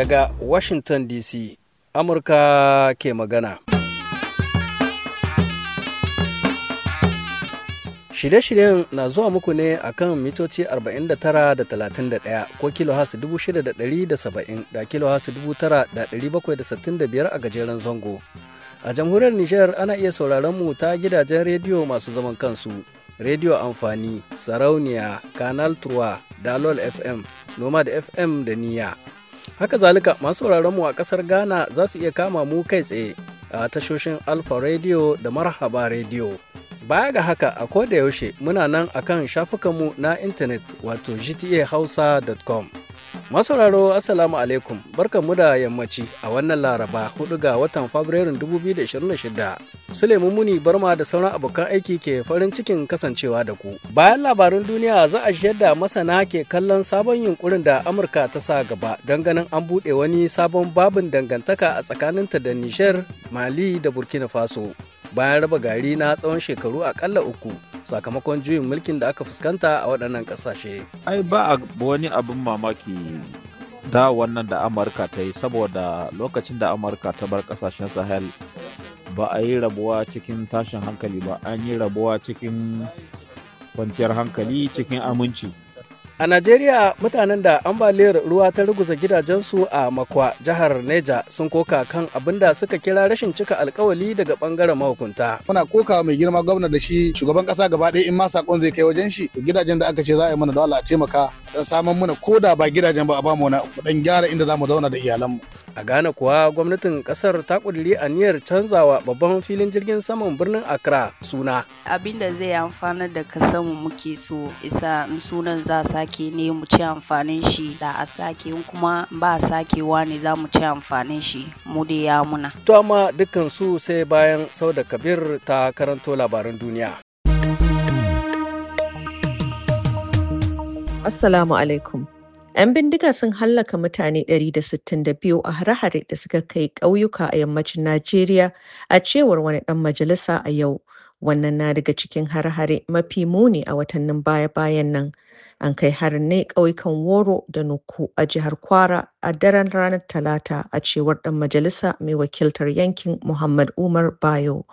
Daga Washington DC, Amurka ke magana. Shirye-shiryen na zuwa muku ne a kan mitoci 49.31 da ko kilohas 6,170 da kilohas 9,765 a gajeren zango. A jamhuriyar Nijar ana iya sauraron mu ta gidajen rediyo masu zaman kansu, rediyo amfani, sarauniya, Kanal 3, dalol FM, Noma da FM da niya. Haka zalika masu mu a kasar Ghana za su iya kama mu kai tsaye a tashoshin Alfa Radio da Marhaba Radio. Baya ga haka a koda yaushe muna nan a akan shafukanmu na intanet wato gtahausa.com. Masauraro Assalamu alaikum mu da yammaci a wannan laraba 4 ga watan Fabrairun 2026. Suleiman Muni barma da sauran abokan aiki ke farin cikin kasancewa da ku. Bayan labarin duniya za a da masana ke kallon sabon yunkurin da Amurka ta sa gaba don ganin an buɗe wani sabon babin dangantaka a tsakaninta da Nishar, Mali da Burkina Faso. bayan raba gari na tsawon shekaru akalla uku sakamakon juyin mulkin da aka fuskanta a waɗannan ƙasashe. Ai ba a wani abin mamaki da wannan da Amurka ta yi saboda lokacin da Amurka ta bar ƙasashen Sahel ba a yi rabuwa cikin tashin hankali ba an yi rabuwa cikin kwanciyar hankali cikin aminci. A Najeriya mutanen da ambaliyar ruwa ta ruguza gidajensu a Makwa, jihar Neja sun koka kan abin da suka kira rashin cika alkawali daga bangaren mahukunta. Muna koka mai girma gwamna da shi shugaban kasa gaba ɗaya in ma sakon zai kai wajen shi gidajen da aka ce za a yi mana dole a taimaka don samun muna koda ba gidajen ba a bamu na dan gyara inda za mu zauna da iyalanmu. a ghana kuwa gwamnatin kasar ta a niyyar canzawa babban filin jirgin saman birnin accra suna abinda zai amfana da kasanmu muke so isa sunan za sake ne mu ci amfanin shi da a sake kuma ba sakewa ne za mu ci amfanin shi mu da ya muna to amma dukkan su sai bayan sau da kabir ta karanto labaran duniya assalamu alaikum 'Yan bindiga sun hallaka mutane 162 a hare-hare da suka kai ƙauyuka a yammacin Najeriya a cewar wani ɗan majalisa a yau. Wannan na daga cikin hare-hare mafi muni a watannin baya-bayan nan. An kai harin ne ƙauyukan Woro da Nuku a jihar Kwara a daren ranar Talata a cewar ɗan majalisa mai wakiltar yankin Muhammad Umar Bayo.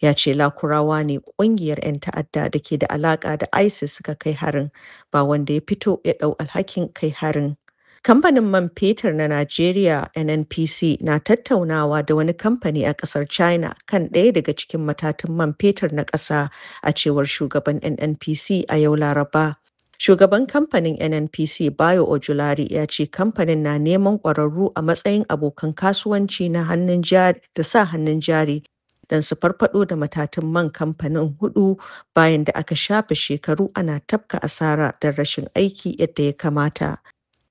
ya ce lakurawa ne ƙungiyar 'yan ta'adda da ke da alaƙa da isis suka kai harin ba wanda ya fito ya dau alhakin kai harin Kamfanin man fetur na nigeria NNPC na tattaunawa da wani kamfani a kasar China kan ɗaya daga cikin matatun man fetur na ƙasa a cewar shugaban NNPC a yau Laraba. Shugaban kamfanin NNPC Bayo Ojulari ya ce kamfanin na neman ƙwararru a matsayin abokan kasuwanci na hannun jari da sa hannun jari don su farfado da matatun man kamfanin hudu bayan da aka shafe shekaru ana tafka asara don rashin aiki yadda ya kamata.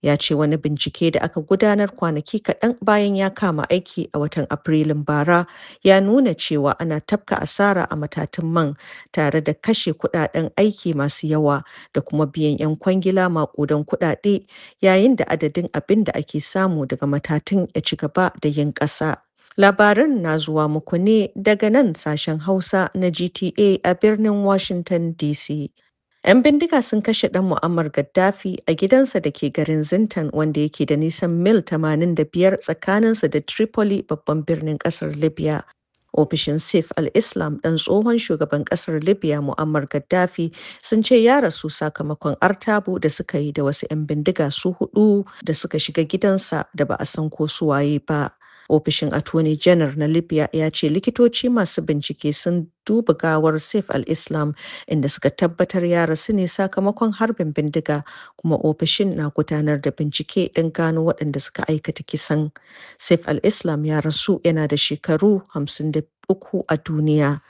ya ce wani bincike da aka gudanar kwanaki kaɗan bayan ya kama aiki a watan afrilun bara ya nuna cewa ana tafka asara a matatun man tare da kashe kudaden aiki masu yawa da kuma biyan 'yan kwangila maƙudan kudade yayin da adadin abin da ake samu daga matatun ya ci gaba da yin ƙasa Labaran na zuwa muku ne daga nan sashen Hausa na GTA a birnin Washington DC. 'Yan bindiga sun kashe ɗan Mu'ammar Gaddafi a gidansa da ke garin Zintan wanda yake da nisan mil 85 tsakaninsa da Tripoli babban birnin ƙasar Libya. Ofishin Saif al-Islam ɗan tsohon shugaban ƙasar Libya Muammar Gaddafi sun ce ya rasu sakamakon artabu da suka yi da wasu 'yan bindiga su hudu da suka shiga gidansa da ba a san ko su waye ba. Ofishin Attorney General na Libya ya ce likitoci masu bincike sun duba gawar Saif al-Islam inda suka tabbatar ya rasu ne sakamakon harbin bindiga kuma ofishin na gudanar da bincike don gano waɗanda suka aikata kisan. Saif al-Islam ya rasu yana da shekaru 53 a duniya.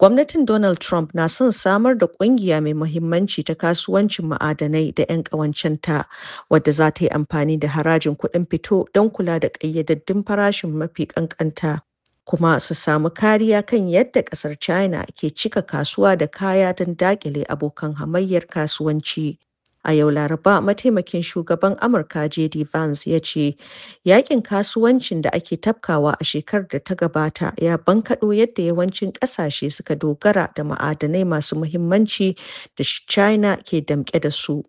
Gwamnatin Donald Trump na son samar da ƙungiya mai muhimmanci ta kasuwancin ma'adanai da 'yan ƙawancenta wadda za ta yi amfani da harajin kuɗin fito don kula da ƙayyadaddun farashin mafi ƙanƙanta kuma su samu kariya kan yadda ƙasar China ke cika kasuwa da kaya don daƙile abokan hamayyar kasuwanci. A yau Laraba, mataimakin shugaban Amurka JD Vance ya ce, yakin kasuwancin da ake tafkawa a shekarar da ta gabata ya bankaɗo yadda yawancin ƙasashe suka dogara da ma'adanai masu muhimmanci da China ke damƙe da su.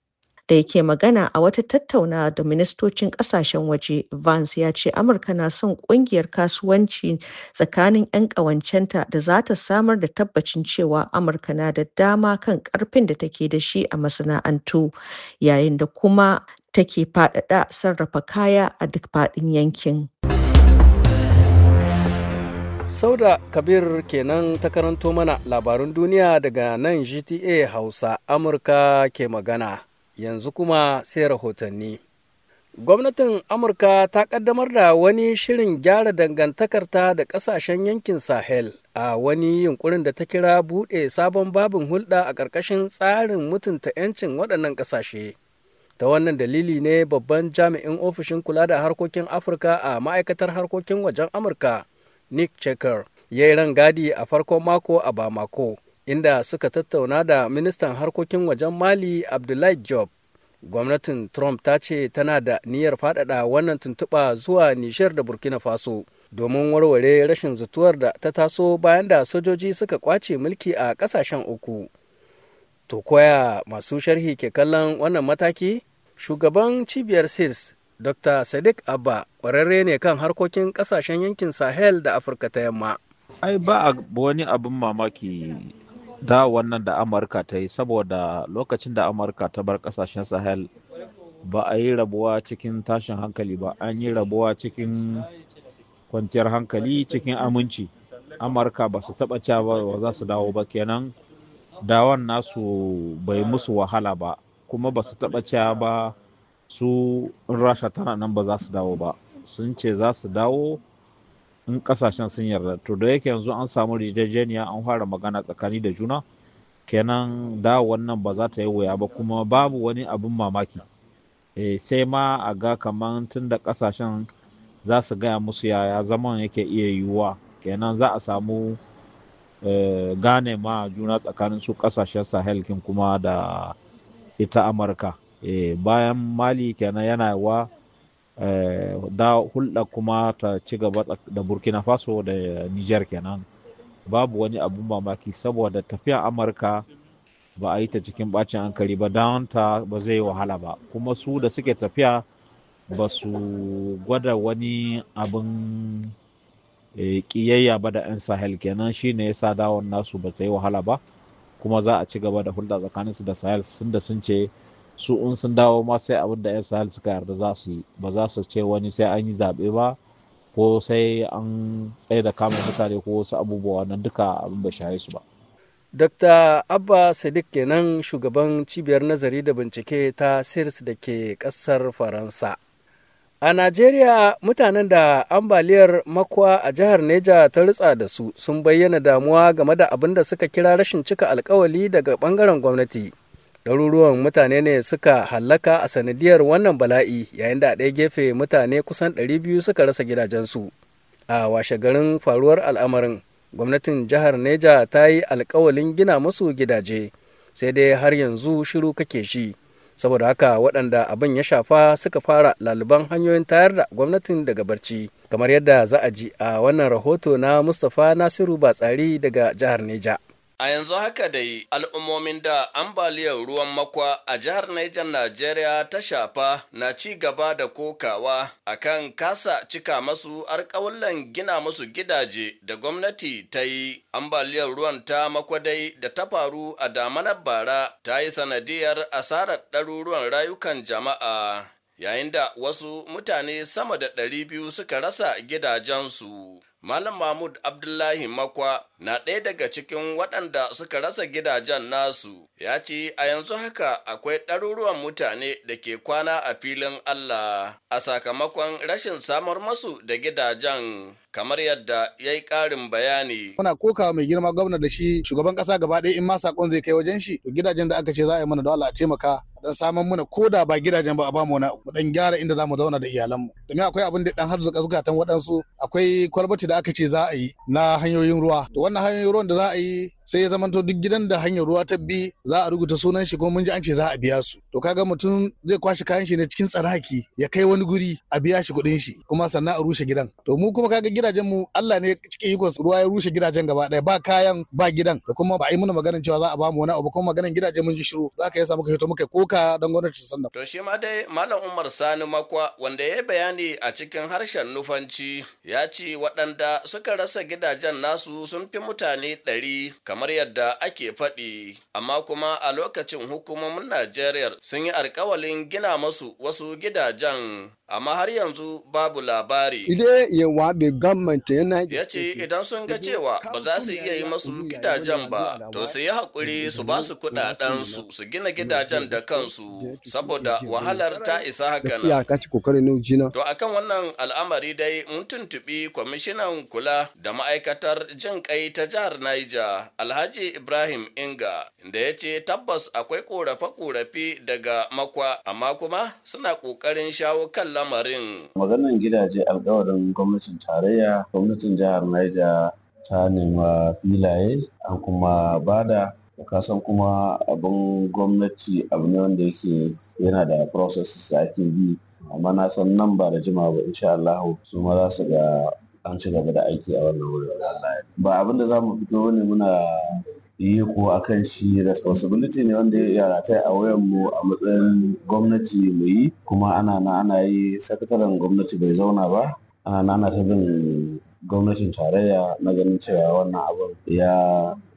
da yake magana a wata tattauna da ministocin kasashen waje vance ya ce amurka na son kungiyar kasuwanci tsakanin 'yan ƙawancenta da za ta samar da tabbacin cewa amurka na da dama kan karfin da take da shi a masana'antu yayin da kuma take faɗaɗa sarrafa kaya a duk faɗin yankin da Kabir kenan ta karanto mana labarun duniya daga nan GTA Hausa Amurka ke magana. yanzu kuma sai rahotanni. Gwamnatin Amurka ta ƙaddamar da wani shirin gyara dangantakarta da ƙasashen yankin Sahel a wani yunkurin da ta kira buɗe sabon babin hulɗa a ƙarƙashin tsarin mutunta 'yancin waɗannan ƙasashe. Ta wannan dalili ne babban jami'in ofishin kula da harkokin Afirka a ma'aikatar harkokin wajen Amurka, Nick Checker, ya yi rangadi a farkon mako a Bamako. inda suka tattauna da ministan harkokin wajen mali abdullahi job gwamnatin trump ta ce tana da niyyar faɗaɗa wannan tuntuɓa zuwa nishar da burkina faso domin warware rashin zutuwar da ta taso bayan da sojoji suka kwace mulki a ƙasashen uku to koya masu sharhi ke kallon wannan mataki shugaban cibiyar sirs dr sadiq abba ƙwararre ne kan harkokin ƙasashen yankin sahel da afirka ta yamma ai ba wani abin mamaki da wannan da amurka ta yi saboda lokacin da amurka ta bar kasashen sahel ba a yi rabuwa cikin tashin hankali ba an yi rabuwa cikin kwanciyar hankali cikin aminci amurka ba su taba cewa ba za su dawo ba kenan dawon nasu bai musu wahala ba kuma ba su taba cewa ba su rasha tana nan ba za su dawo ba sun ce za su dawo in kasashen sun yarda to da yake yanzu an samu rijejeniya an fara magana tsakani da juna kenan da wannan ba za ta yi wuya ba kuma babu wani abin mamaki e, sai ma a ga kamar tun da kasashen za su gaya musu yaya zaman yake iya yiwuwa kenan za a samu eh, gane ma juna tsakanin su kasashen sahel kuma da ita amurka e, bayan mali kenan yana wa Eh, da hulɗa kuma ta ci gaba da burkina faso da niger kenan babu wani abun mamaki saboda tafiya amurka ba a yi ta cikin bacin hankali ba don ta ba zai yi wahala ba kuma su da suke tafiya ba su gwada wani abin eh, ƙiyayya ba da 'yan sahel kenan shi ne ya sa dawon nasu ba ta yi wahala ba kuma za a ci gaba da hulɗa tsakaninsu da sahel sun da sun ce su in sun dawo ma sai abin da 'yan sahel suka yarda za su yi ba za su ce wani sai an yi zaɓe ba ko sai an tsaye da kama mutane ko wasu abubuwa nan duka abin ba shaye su ba Dr. Abba Sadiq kenan shugaban cibiyar nazari da bincike ta SIRS da ke ƙasar Faransa. A Najeriya mutanen da ambaliyar makwa a jihar Neja ta rutsa da su sun bayyana damuwa game da abin da suka kira rashin cika alkawali daga bangaren gwamnati. ɗaruruwan mutane ne suka hallaka a sanadiyar wannan bala'i yayin da a ɗaya gefe mutane kusan 200 suka rasa gidajensu a washe garin faruwar al'amarin gwamnatin jihar neja ta yi alkawalin gina musu gidaje sai dai har yanzu shiru kake shi saboda haka waɗanda abin ya shafa suka fara laliban hanyoyin tayar da gwamnatin daga barci kamar yadda za a ji a wannan rahoto na mustapha nasiru batsari daga jihar neja A yanzu haka dai al'ummomin da ambaliyar ruwan makwa a jihar Niger Najeriya ta shafa na ci gaba da kokawa akan kasa cika masu alƙawallan gina masu gidaje da gwamnati ta yi. Ambaliyar ruwan ta makwadai da ta faru a damanar bara ta yi sanadiyar asarar ɗaruruwan rayukan jama'a yayin da wasu mutane sama da ɗari biyu suka rasa gidajensu. Malam Mahmud Abdullahi Makwa na ɗaya daga cikin waɗanda suka rasa gidajen nasu, ya ce a yanzu haka akwai ɗaruruwan mutane da ke kwana a filin Allah a sakamakon rashin samar masu da gidajen. kamar yadda ya yi ƙarin bayani. Muna koka mai girma gwamna da shi shugaban ƙasa gaba ɗaya in ma saƙon zai kai wajen shi to gidajen da aka ce za a yi mana dole a taimaka dan saman muna ko da ba gidajen ba a ba mu na dan gyara inda zamu zauna da iyalanmu domin akwai abin da dan har a zukatan waɗansu akwai kwalbati da aka ce za a yi na hanyoyin ruwa to wannan hanyoyin ruwan da za a yi sai ya zamanto duk gidan da hanyar ruwa ta bi za a rubuta sunan shi kuma mun ji an ce za a biya su to kaga mutum zai kwashi kayan shi ne cikin tsaraki ya kai wani guri a biya shi kuɗin shi kuma sannan a rushe gidan to mu kuma kaga gidajen mu Allah ne cikin ikon ruwa ya rushe gidajen gaba ɗaya ba kayan ba gidan da kuma ba a yi muna maganin cewa za a ba mu wani abu kuma maganin gidajen mun ji shiru za ka yasa muka hito muka ko duka don gwamnati sanda. To shi ma dai Malam Umar Sani Makwa wanda ya bayani a cikin harshen Nufanci ya ce waɗanda suka rasa gidajen nasu sun fi mutane ɗari kamar yadda ake faɗi amma kuma a lokacin hukumomin Najeriya sun yi alkawalin gina masu wasu gidajen amma har yanzu babu labari. Ya ce idan sun ga cewa ba za su iya yi masu gidajen ba, to su yi haƙuri su ba su kuɗaɗensu su gina gidajen da kansu saboda wahalar ta isa haka nan. To akan wannan al'amari dai mun tuntuɓi kwamishinan kula da ma'aikatar jin kai ta jihar Niger Alhaji Ibrahim Inga da ya ce tabbas akwai ƙorafe-ƙorafe daga makwa amma kuma suna ƙoƙarin shawo kan lamarin. Maganin gidaje alkawarin gwamnatin tarayya, gwamnatin jihar Niger ta nema filaye an kuma bada kasan kuma abin gwamnati abu ne wanda yake yana da processes da ake bi amma na san nan ba da jima ba insha Allah su ma za su ga an ci gaba da aiki a wannan wurin ba abin da za mu fito ne muna Yi ko akan shi responsibility ne wanda ya rata a wayan mu a matsayin gwamnati mu yi kuma ana na ana yi sakataren gwamnati bai zauna ba ana na ana ta bin gwamnatin tarayya na ganin cewa wannan abin ya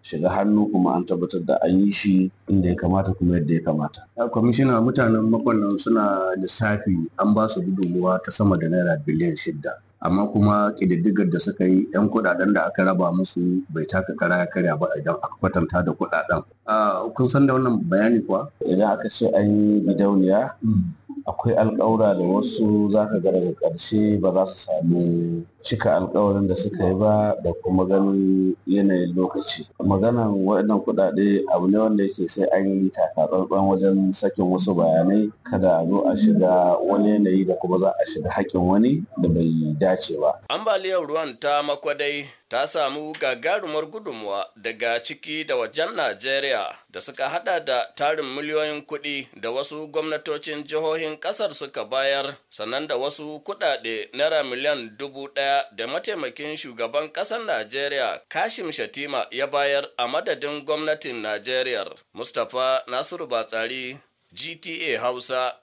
shiga hannu kuma an tabbatar da an yi shi inda ya kamata kuma yadda ya kamata. kwamishina mutanen makonnan suna lissafi an ba su gudunmuwa ta sama da naira biliyan shida amma kuma ƙididdigar da suka yi 'yan kuɗaɗen da aka raba musu bai taka kara ya karya ba idan aka kwatanta da kuɗaɗen. Ah, kun san da wannan bayani kuwa? Idan aka ce an yi gidauniya hmm. akwai alƙawura da wasu za ka ga daga ƙarshe ba za su sami cika alkawarin da suka yi ba da kuma ganin yanayin lokaci maganan waɗannan kuɗaɗe abu ne wanda yake sai an yi takatsantsan wajen sakin wasu bayanai kada a zo a shiga wani yanayi da kuma za a shiga haƙƙin wani da bai dace ba ambaliyar ruwan ta makwadai ta samu gagarumar gudunmuwa daga ciki da wajen Najeriya da suka hada da tarin miliyoyin kuɗi da wasu gwamnatocin jihohin ƙasar suka bayar sannan da wasu kuɗaɗe naira miliyan dubu ɗaya da mataimakin shugaban ƙasar Najeriya Kashim Shatima ya bayar a madadin gwamnatin Najeriya. Mustapha Nasiru Batsari GTA Hausa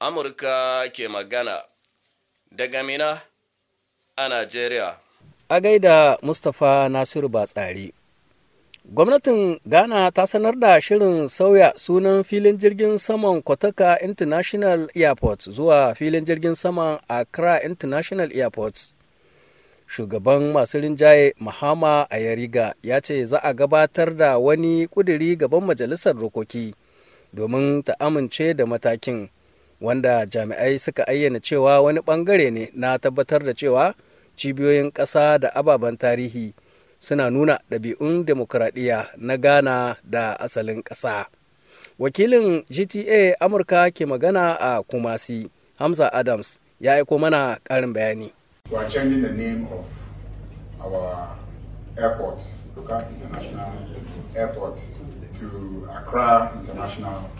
Amurka ke magana daga Mina a Najeriya. a gaida Mustapha Nasiru Batsari. Gwamnatin Ghana ta sanar da shirin sauya sunan filin jirgin saman Kwataka International Airport zuwa filin jirgin saman Accra International Airport. Shugaban masu rinjaye Mahama Ayariga ya ce za a gabatar da wani kuduri gaban majalisar Rokoki, domin ta amince da matakin wanda jami'ai suka ayyana cewa wani bangare ne na tabbatar da cewa cibiyoyin ƙasa da ababen tarihi suna nuna ɗabi'un demokuraɗiyya na ghana da asalin ƙasa wakilin gta amurka ke magana a kumasi hamza adams ya aiko mana ƙarin bayani We are of our airport, Airport, to Accra International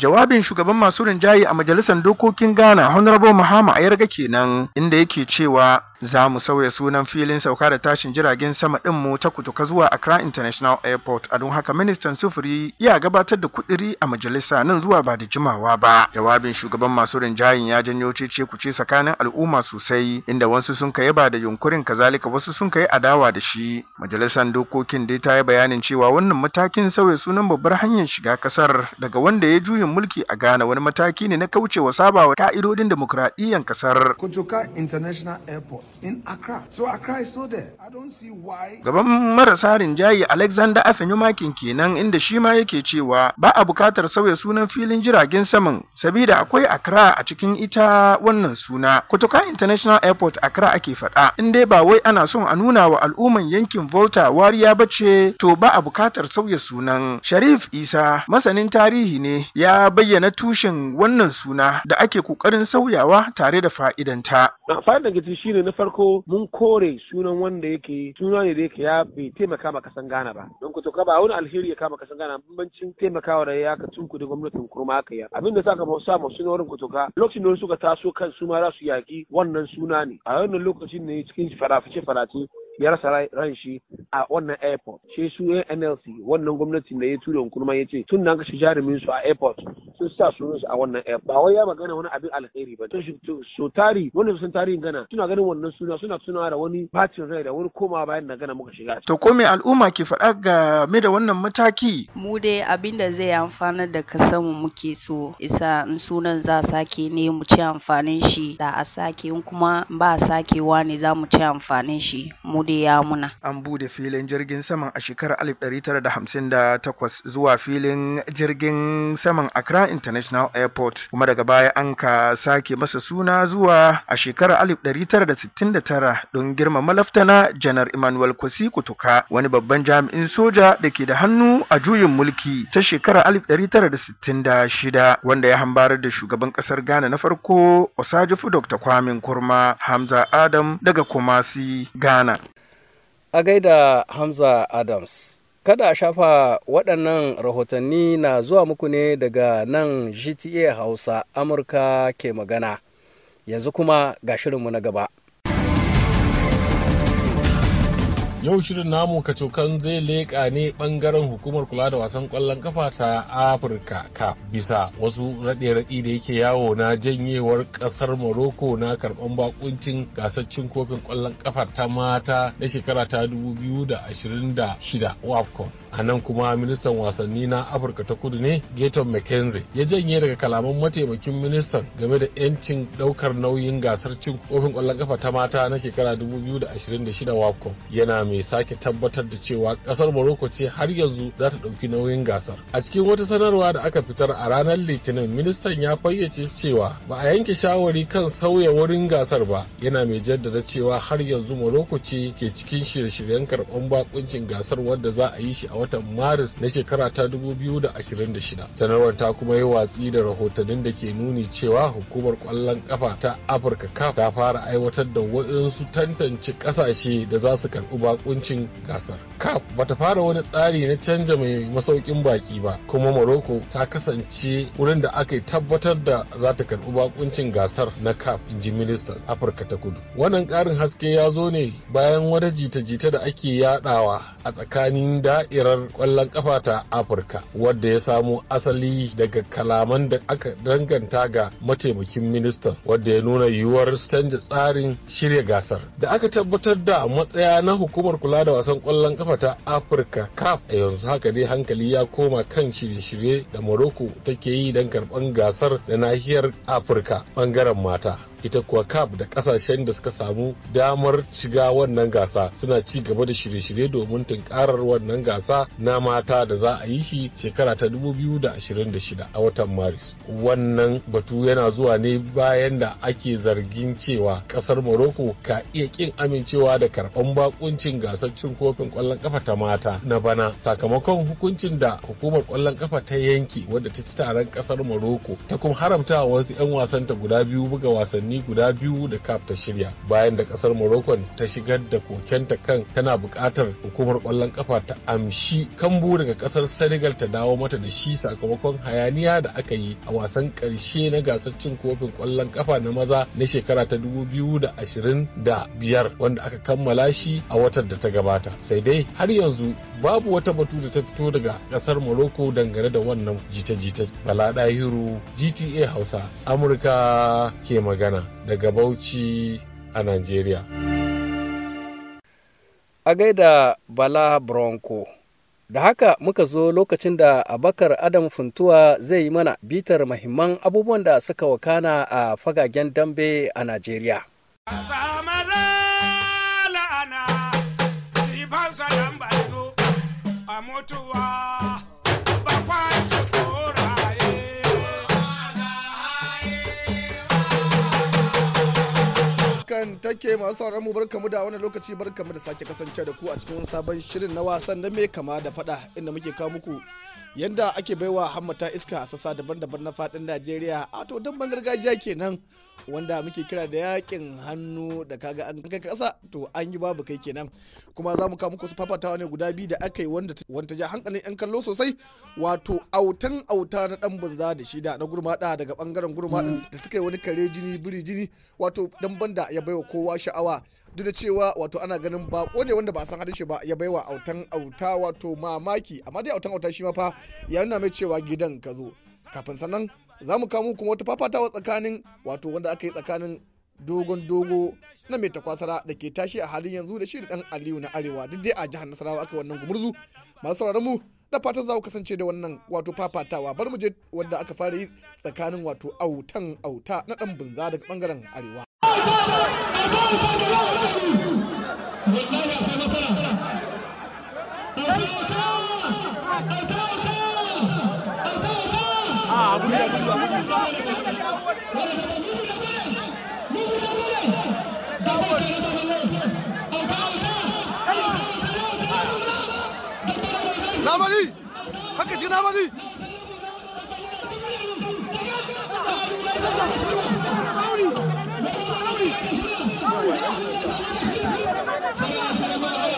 Jawabin shugaban masu rinjaye a majalisar dokokin Ghana Honorable Mahama Ayarga kenan inda yake cewa za mu sauya sunan filin sauka da tashin jiragen sama din mu ta kutuka zuwa Accra International Airport a don haka ministan sufuri ya gabatar da kudiri a majalisa nan zuwa ba da jimawa ba jawabin shugaban masu rinjayin ya janyo cece kuce tsakanin al'umma sosai inda wasu sun kai ba da yunkurin kazalika wasu sun kai adawa da shi majalisar dokokin dai ta yi bayanin cewa wannan matakin sauya sunan babbar hanyar shiga kasar daga wanda ya juyin mulki a Ghana wani mataki ne na kaucewa sabawa ka'idodin demokradiyyar kasar Kutuka International Airport in Accra. So Accra is still there. I don't see why. Gaban marasa rinjaye Alexander Afenyumakin kenan inda shi ma yake cewa ba a bukatar sauya sunan filin jiragen saman sabida akwai Accra a cikin ita wannan suna. Kotoka International Airport Accra ake faɗa. In dai ba wai ana son a nuna wa al'umman yankin Volta wariya ba ce to ba a bukatar sauya sunan. Sharif Isa masanin tarihi ne ya bayyana tushen wannan suna da ake kokarin sauyawa tare da fa'idanta. Fa'idar na farko mun kore sunan wanda yake suna ne da yake ya bai taimaka ma kasan Ghana ba don ku toka ba wani alheri ya kama kasan Ghana bambancin taimakawa da ya ka tunku da gwamnatin kurma aka yi abin da saka sa ma suna wurin ku lokacin da suka taso kan su ma za su yaki wannan suna ne a wannan lokacin ne cikin farafice farace ya rasa ran shi a wannan airport shi su NLC wannan gwamnati da ya tura kurma ya ce tun da kashi jarumin su a airport sun sa su a wannan airport ba wai ya magana wani abin alheri ba so tari wannan sun tari gana suna ganin wannan suna suna tunawa da wani bacin rai da wani koma bayan na gana muka shiga to ko me al'umma ke faɗa game da wannan mataki mu dai abin da zai amfana da kasanmu muke so isa in sunan za a sake ne mu ci amfanin shi da a sake n kuma ba sakewa ne za mu ci amfanin shi mu bude muna. An bude filin jirgin saman a shekarar 1958 zuwa filin jirgin saman Accra International Airport kuma daga baya an ka sake masa suna zuwa a shekarar 1969 don girmama laftana janar Emmanuel Kwasi Kutuka wani babban jami'in soja da ke da hannu a juyin mulki ta shekarar 1966 wanda ya hambarar da shugaban kasar Ghana na farko Osajifu Dr. Kwame Nkrumah Hamza Adam daga Kumasi, Ghana. A gaida Hamza Adams. Kada a shafa waɗannan rahotanni na zuwa muku ne daga nan GTA Hausa Amurka ke magana. Yanzu kuma ga shirinmu na gaba. Yau shirin namu kacokan zai leƙa ne ɓangaren hukumar kula da wasan ƙwallon kafa ta Afirka ka bisa wasu raɗe-raɗi da yake yawo na janyewar ƙasar Morocco na karɓan bakuncin gasaccin kofin ƙwallon kafa ta mata na shekara ta 2026 WAFCON. a nan kuma ministan wasanni na afirka ta kudu ne gaton mckenzie ya janye daga kalaman mataimakin ministan game da 'yancin daukar nauyin gasar cin kofin kwallon kafa ta mata na shekara 2026 wakon yana mai sake tabbatar da cewa kasar morocco ce har yanzu za ta dauki nauyin gasar a cikin wata sanarwa da aka fitar a ranar litinin ministan ya fayyace cewa ba a yanke shawari kan sauya wurin gasar ba yana mai jaddada cewa har yanzu morocco ce ke cikin shirye-shiryen karɓar bakuncin gasar wadda za a yi shi a a watan maris na shekara ta 2026 sanarwar ta kuma yi watsi da rahotannin da ke nuni cewa hukumar kwallon kafa ta afirka caf ta fara aiwatar da waɗansu tantance ƙasashe da za su karɓi bakuncin gasar caf bata fara wani tsari na canja mai masaukin baki ba kuma morocco ta kasance wurin da aka tabbatar da za ta karɓi bakuncin gasar na caf inji ministan afirka ta kudu wannan ƙarin haske ya zo ne bayan wata jita-jita da ake yaɗawa a tsakanin da'irar tauraron kwallon ƙafa ta Afirka wadda ya samo asali daga kalaman da aka danganta ga mataimakin ministan wadda ya nuna yiwuwar canza tsarin shirya gasar. Da aka tabbatar da matsaya na hukumar kula da wasan kwallon kafa ta Afirka CAF a yanzu haka dai hankali ya koma kan shirye-shirye da Morocco take yi don karɓar gasar da nahiyar Afirka bangaren mata. ita kuwa cap da kasashen da suka samu damar shiga wannan gasa suna ci gaba da shirye-shirye domin tunkarar wannan gasa na mata da za a yi shi shekara ta 2026 a watan maris wannan batu yana zuwa ne bayan da ake zargin cewa kasar morocco ka iya kin amincewa da karban bakuncin gasar cin kofin ƙwallon kafa ta mata na bana sakamakon hukuncin da hukumar ƙwallon kafa ta yanke wadda ta ci taron ƙasar morocco ta kuma haramta wasu 'yan wasanta guda biyu buga wasanni wasanni guda biyu da CAF ta shirya bayan da kasar Morocco ta shigar da kokenta kan tana buƙatar hukumar ƙwallon ƙafa ta amshi kambu daga kasar Senegal ta dawo mata da shi sakamakon hayaniya da aka yi a wasan ƙarshe na gasar cin kofin ƙwallon ƙafa na maza na shekara ta da da biyar wanda aka kammala shi a watan da ta gabata sai dai har yanzu babu wata batu da ta fito daga kasar Morocco dangane da wannan jita-jita Bala Dahiru GTA Hausa Amurka ke magana daga Bauchi a Najeriya. A gaida Bala Bronco. Da haka muka zo lokacin da Abakar Adam Funtuwa zai yi mana bitar mahimman abubuwan da suka wakana a fagagen dambe a Najeriya. hakan take masu sauran mu barkamu da wani lokaci barkamu da sake kasance da ku a cikin sabon shirin na wasan na mai kama da fada inda muke kawo muku yanda ake baiwa hammata iska a sassa daban-daban na fadin Najeriya a to dan gargajiya kenan wanda muke kira da yakin hannu da kaga an kai kasa to an yi babu kai kenan kuma za mu kawo muku su fafatawa ne guda biyu da aka yi wanda ta ja hankalin yan kallo sosai wato autan auta na dan banza da shida na gurmada daga bangaren gurmada mm. da suka yi wani kare jini biri jini wato dan banda ya baiwa kowa sha'awa duk da cewa wato ana ganin bako ne wanda ba san hadin shi ba ya baiwa autan auta wato mamaki amma dai autan auta shi ma fa ya nuna mai cewa gidan ka zo kafin sannan za mu kamo kuma wata fafatawa tsakanin wato wanda aka yi tsakanin dogon dogo na mai takwasara da ke tashi a halin yanzu da shi da dan aliyu na arewa duk dai a jihar nasarawa aka wannan gumurzu masu sauraron mu da fatan za ku kasance da wannan wato fafatawa bar mu je wanda aka fara yi tsakanin wato autan auta na dan bunza daga bangaren arewa Ah, Namani! Hakkashi Namani! Namani! Namani!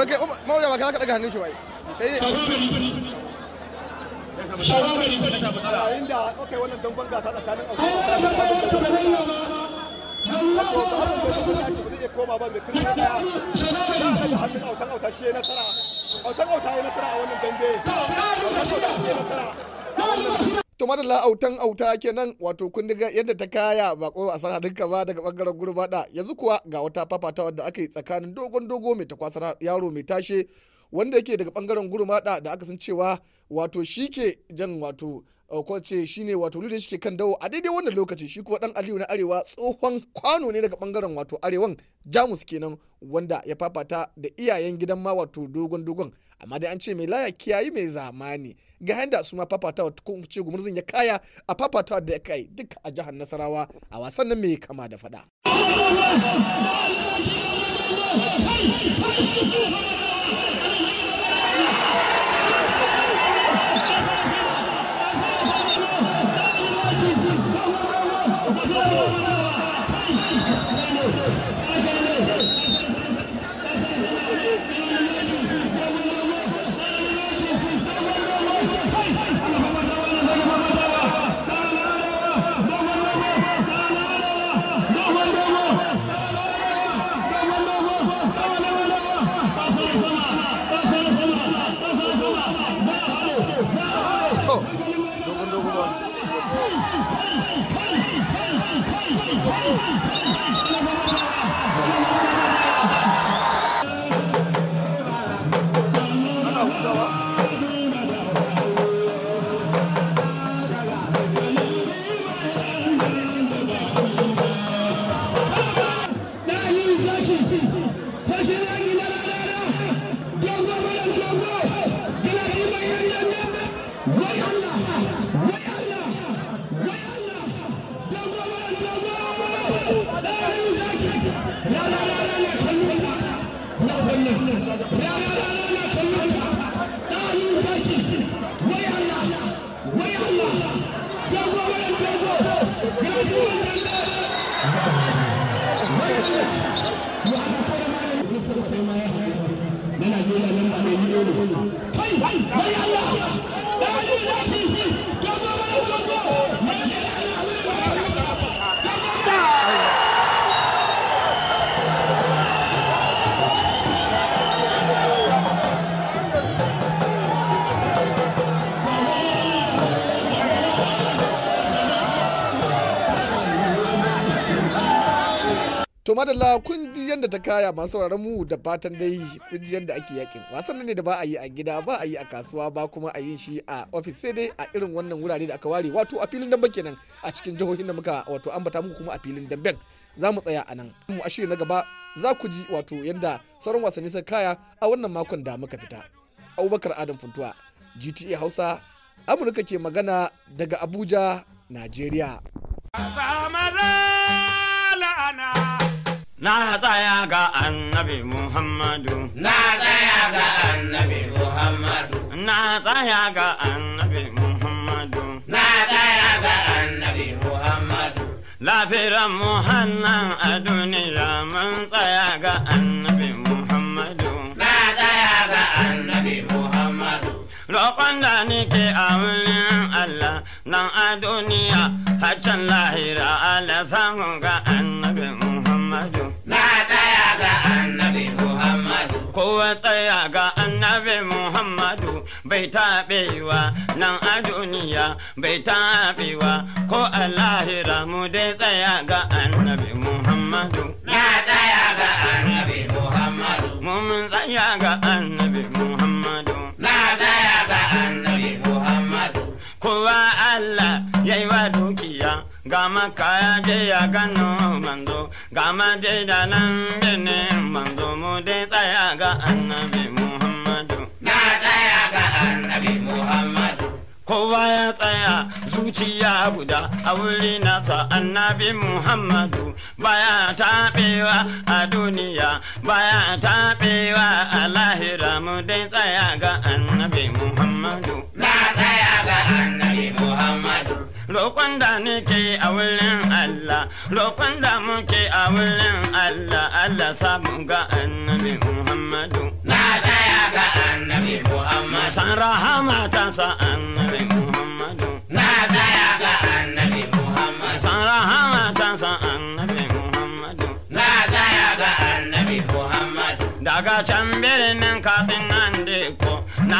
wai kai maula ba ka daga hannun shi bai autan auta a wannan to madalla autan auta kenan wato kun diga yadda ta kaya ba ko a san hadinka ba daga bangaren gurbada yanzu kuwa ga wata fafatawa da aka yi tsakanin dogon dogo mai takwasar yaro mai tashe wanda yake daga bangaren gurmada da aka san cewa wato shike jan wato uh, ko ce shi wato lule shike kan dawo a daidai wannan lokaci shi kuma dan aliyu na arewa tsohon kwano ne daga bangaren wato arewan jamus kenan wanda ya fafata da iyayen gidan ma wato dogon dogon amma dai an ce mai laya kiyayi mai zamani ga yanda su ma fafatawa ko ce gumurzin ya kaya a fafatawa da ya kai duk a jihar nasarawa a wasan nan mai kama da faɗa. to madalla kun ji yadda ta kaya masu sauraron mu da fatan dai kun ji yadda ake yakin wasan ne da ba a yi a gida ba a yi a kasuwa ba kuma a yin shi a ofis sai dai a irin wannan wurare da aka ware wato a filin dambe kenan a cikin jihohin da muka wato ambata muku kuma a filin damben za mu tsaya a nan mu ashe na gaba za ku ji wato yadda sauran wasanni suka kaya a wannan makon da muka fita abubakar adam funtuwa gta hausa amurka ke magana daga abuja najeriya la Na tsaya ga annabi Muhammadu. Na tsaya ga annabi Muhammadu. Na tsaya ga annabi Muhammadu. Na tsaya ga annabi Muhammadu. Lafiran Muhannan a duniya mun tsaya ga annabi Muhammadu. Na tsaya ga annabi Muhammadu. Roƙon da nike a wurin Allah nan a duniya, haccan lahira Allah samun ga annabi Muhammadu. kowa tsaya ga annabi muhammadu bai taɓewa nan a duniya bai taɓewa ko Alahira mu dai tsaya ga annabi muhammadu na tsaya ga annabi muhammadu mu mun tsaya ga annabi muhammadu na tsaya ga annabi muhammadu kowa allah yayi wa dukiya gama kaya je ya gano manzo gama je da nan bene manzo mu dai tsaya ga annabi muhammadu na tsaya ga annabi muhammadu kowa ya tsaya zuciya guda a wuri nasa annabi muhammadu baya taɓewa a duniya baya taɓewa a lahira mu dai tsaya ga annabi muhammadu na tsaya ga annabi muhammadu roƙon da nake a wurin Allah roƙon da muke a wurin Allah Allah samu ga annabi Muhammadu na daya ga annabi Muhammadu san rahama ta sa annabi Muhammadu na daya ga annabi Muhammadu san rahama ta sa annabi Muhammadu na daya ga annabi Muhammadu daga can birnin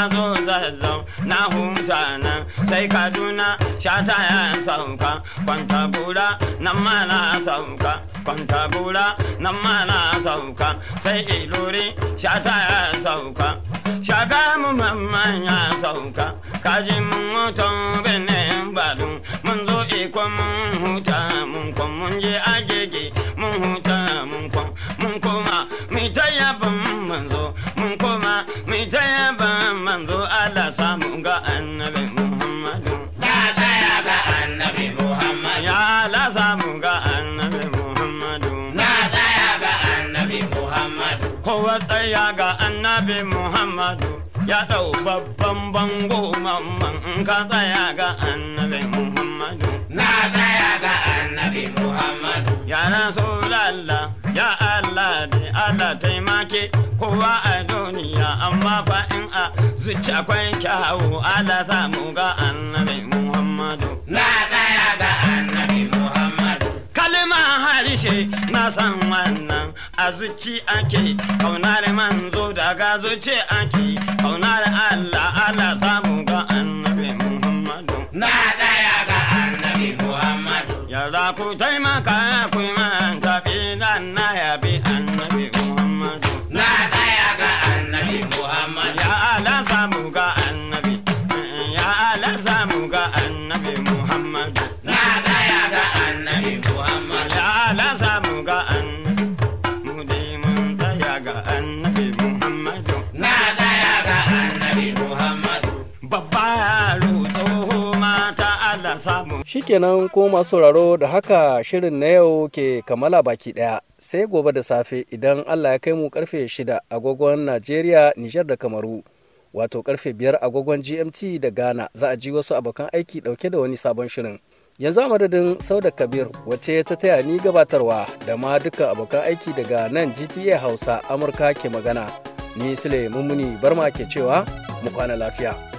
zo zazzau na huta sai kaduna shata ya sauka kwanta gura na ma na sauka kwanta gura na ma na sauka sai ilori shata ya sauka shaka mu mamman ya sauka kaji mun mutum bene badun mun zo iko mun huta mun ko mun je agege mun huta mun ko mun koma mi ta mun zo mun koma mi ta yaban manzo Allah samu ga annabi Muhammadu. Da tsaya ga annabi Muhammadu. Ya Allah samu ga annabi Muhammadu. Na tsaya ga annabi Muhammadu. Kowa tsaya ga annabi Muhammadu. Ya ɗau babban bango mamman ka tsaya ga annabi Muhammadu. na gaya ga annabi Muhammadu. Ya Rasulallah, ya Allah da Allah taimake kowa a duniya amma fa in a zuciya akwai kyawu Allah samu ga annabi Muhammadu. Na gaya ga annabi Muhammadu. Kalima harshe na san wannan a zuci ake kaunar manzo daga zuci ake kaunar Allah Allah samu ga da ku taimaka Shikenan ko masu sauraro da haka shirin na yau ke kammala baki daya sai gobe da safe idan Allah ya kai mu karfe shida agogon Najeriya, Nijar da Kamaru. Wato karfe biyar agogon GMT da Ghana za a ji wasu abokan aiki dauke da wani sabon shirin. Yanzu a madadin Sauda Kabir wacce ta taya ni gabatarwa da ma dukkan abokan aiki daga nan GTA Hausa Amurka ke magana. Ni Sule Mummuni Barma ke cewa mu kwana lafiya.